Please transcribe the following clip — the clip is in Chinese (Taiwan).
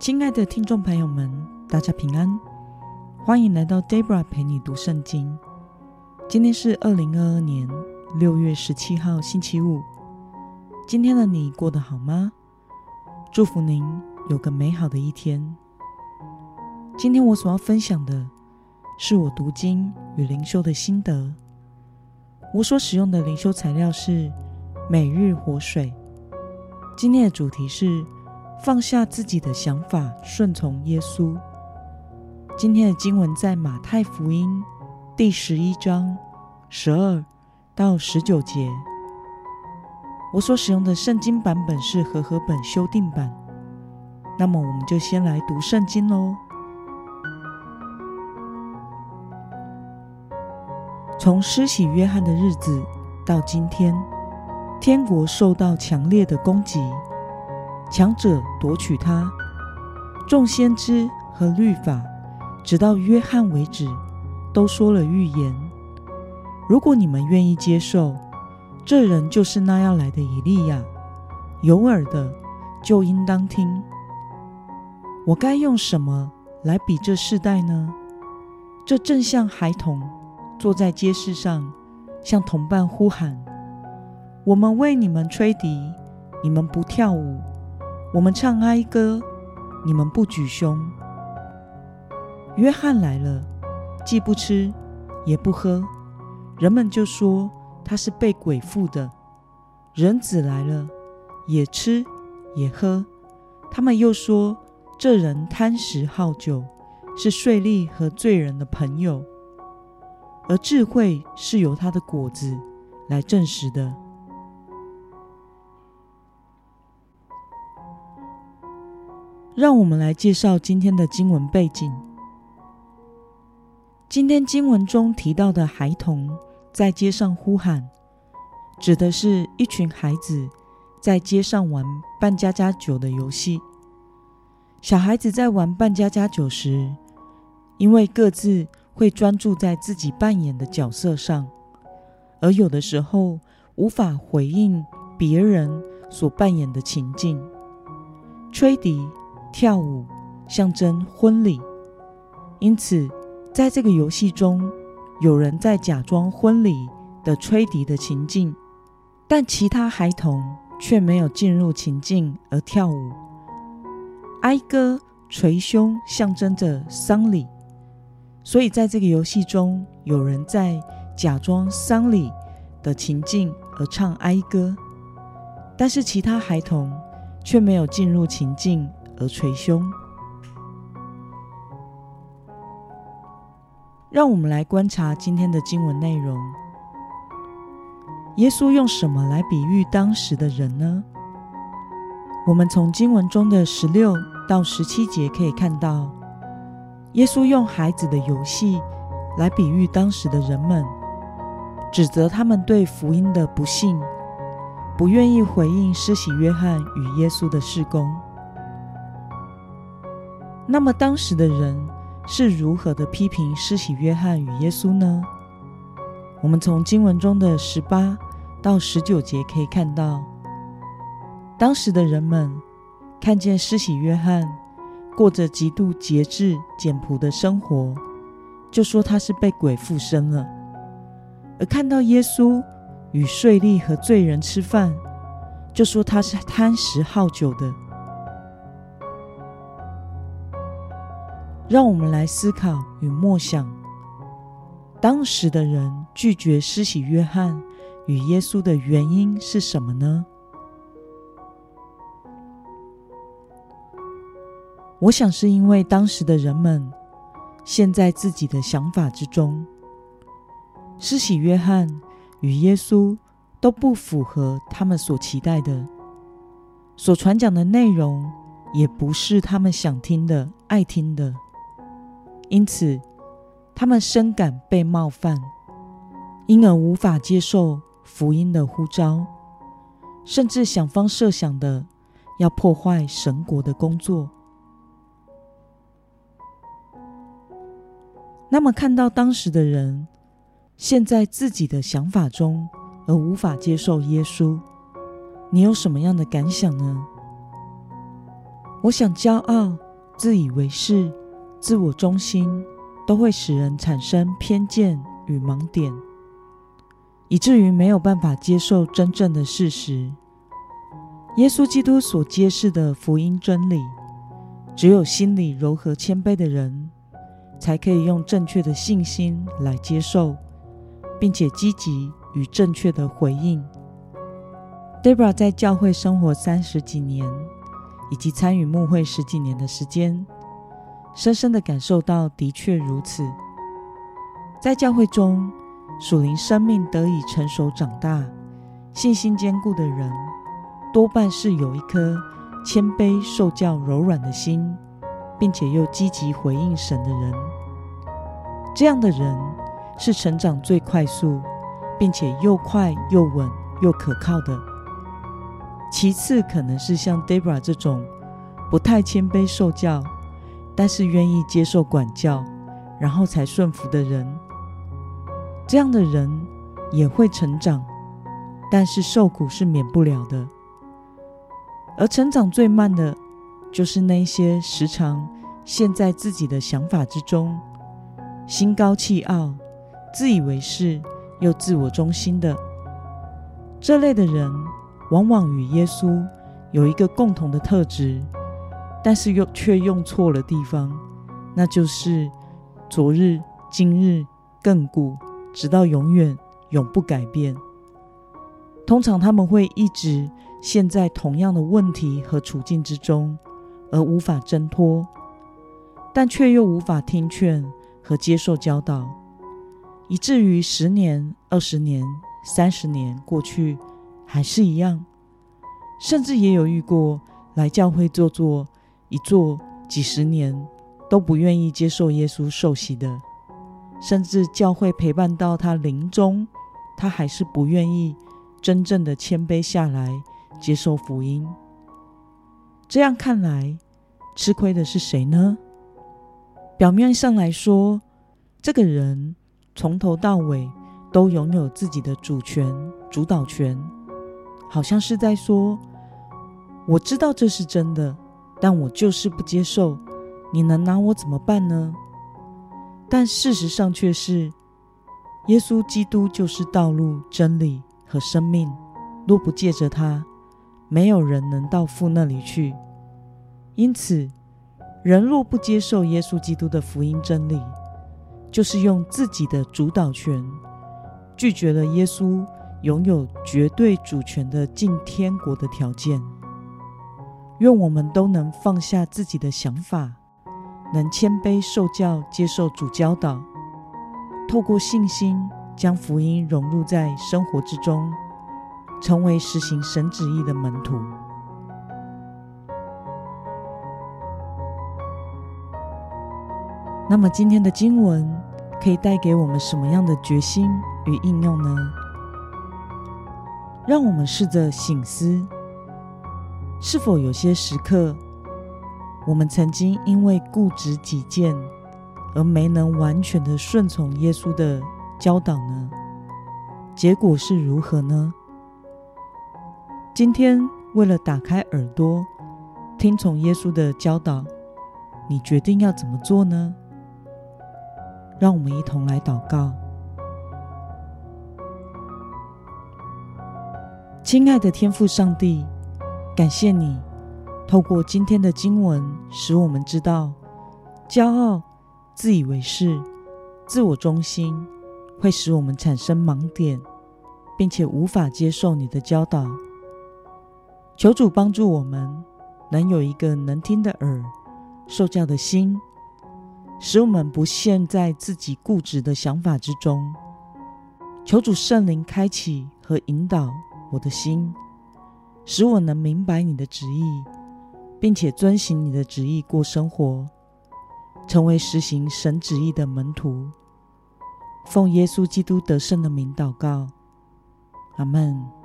親愛的聽眾朋友們，大家平安，歡迎來到 Deborah 陪你讀聖經。今天是二零二二年六月十七號星期五。今天的你過得好嗎？祝福您有個美好的一天。今天我所要分享的是我讀經與靈修的心得。我所使用的靈修材料是《每日活水》。今天的主題是，放下自己的想法，順從耶穌。今天的經文在馬太福音第十一章十二到十九節。我所使用的聖經版本是和合本修訂版。那麼，我們就先來讀聖經嘍。從施洗約翰的日子到今天，天國受到強烈的攻擊。強者奪取它，眾先知和律法，直到約翰為止，都說了預言。如果你們願意接受，這人就是那要來的以利亞。有耳的就應當聽。我該用什麼來比這世代呢？這正像孩童坐在街市上，向同伴呼喊：“我們為你們吹笛，你們不跳舞。”我們唱哀歌，你們不捶胸。約翰來了，既不吃，也不喝，人們就說他是被鬼附的。人子來了，也吃，也喝，他們又說這人貪食好酒，是稅吏和罪人的朋友。而智慧是由他的果子來證實的。讓我們來介紹今天的經文背景。今天經文中提到的孩童在街上呼喊，指的是一群孩子在街上玩扮家家酒的遊戲。小孩子在玩扮家家酒時，因為各自會專注在自己扮演的角色上，而有的時候無法回應別人所扮演的情境，吹笛、跳舞象徵婚禮，因此在這個遊戲中，有人在假裝婚禮的吹笛的情境，但其他孩童卻沒有進入情境而跳舞。哀歌捶胸象徵着喪禮，所以在這個遊戲中，有人在假裝喪禮的情境而唱哀歌，但是其他孩童卻沒有進入情境。和捶胸。讓我們來觀察今天的經文內容。耶穌用什麼來比喻當時的人呢？我們從經文中的十六到十七節可以看到，耶穌用孩子的遊戲來比喻當時的人們，指責他們對福音的不信，不願意回應施洗約翰與耶穌的事工。那麼當時的人是如何的批評施洗約翰與耶穌呢？我們從經文中的十八到十九節可以看到，當時的人們看見施洗約翰過着極度節制、簡樸的生活，就說他是被鬼附身了；而看到耶穌與稅吏和罪人吃飯，就說他是貪食好酒的。讓我們來思考與默想，當時的人拒絕施洗約翰與耶穌的原因是什麼呢？我想是因為當時的人們陷在自己的想法之中，施洗約翰與耶穌都不符合他們所期待的，所傳講的內容也不是他們想聽的、愛聽的。因此，他們深感被冒犯，因而無法接受福音的呼召，甚至想方設想的要破壞神國的工作。那麼，看到當時的人陷在自己的想法中而無法接受耶穌，你有什麼樣的感想呢？我想，驕傲、自以為是。自我中心都會使人產生偏見與盲點，以至於沒有辦法接受真正的事實。耶穌基督所揭示的福音真理，只有心裡柔和謙卑的人，才可以用正確的信心來接受，並且積極與正確的回應。Deborah 在教會生活三十幾年，以及參與牧會十幾年的時間。深深的感受到，的確如此。在教會中，屬靈生命得以成熟長大，信心堅固的人，多半是有一顆謙卑受教、柔軟的心，並且又積極回應神的人。這樣的人是成長最快速，並且又快又穩又可靠的。其次，可能是像 Deborah 這種不太謙卑受教。但是願意接受管教，然後才順服的人，這樣的人也會成長，但是受苦是免不了的。而成長最慢的，就是那些時常陷在自己的想法之中，心高氣傲、自以為是又自我中心的這類的人，往往與耶穌有一個共同的特質。但是又卻用錯了地方，那就是昨日、今日、亙古，直到永遠，永不改變。通常他們會一直陷在同樣的問題和處境之中，而無法掙脫，但卻又無法聽勸和接受教導，以至於十年、二十年、三十年過去，還是一樣。甚至也有遇過來教會坐坐。一坐幾十年都不願意接受耶穌受洗的，甚至教會陪伴到他臨終，他還是不願意真正的謙卑下來接受福音。這樣看來，吃虧的是誰呢？表面上來說，這個人從頭到尾都擁有自己的主權、主導權，好像是在說：“我知道這是真的。”但我就是不接受，你能拿我怎麼辦呢？但事實上卻是，耶穌基督就是道路、真理和生命。若不借着他，沒有人能到父那裡去。因此，人若不接受耶穌基督的福音真理，就是用自己的主導權拒絕了耶穌擁有絕對主權的進天國的條件。願我們都能放下自己的想法，能謙卑受教，接受主教導，透過信心將福音融入在生活之中，成為實行神旨意的門徒。那麼今天的經文可以帶給我們什麼樣的決心與應用呢？讓我們試着省思。是否有些時刻，我們曾經因為固執己見而沒能完全的順從耶穌的教導呢？結果是如何呢？今天為了打開耳朵，聽從耶穌的教導，你決定要怎麼做呢？讓我們一同來禱告。親愛的天父上帝。感謝你，透過今天的經文，使我們知道，驕傲、自以為是、自我中心，會使我們產生盲點，並且無法接受你的教導。求主幫助我們，能有一個能聽的耳、受教的心，使我們不陷在自己固執的想法之中。求主聖靈開啟和引導我的心。使我能明白你的旨意，並且遵行你的旨意過生活，成為實行神旨意的門徒。奉耶穌基督得勝的名禱告，阿門。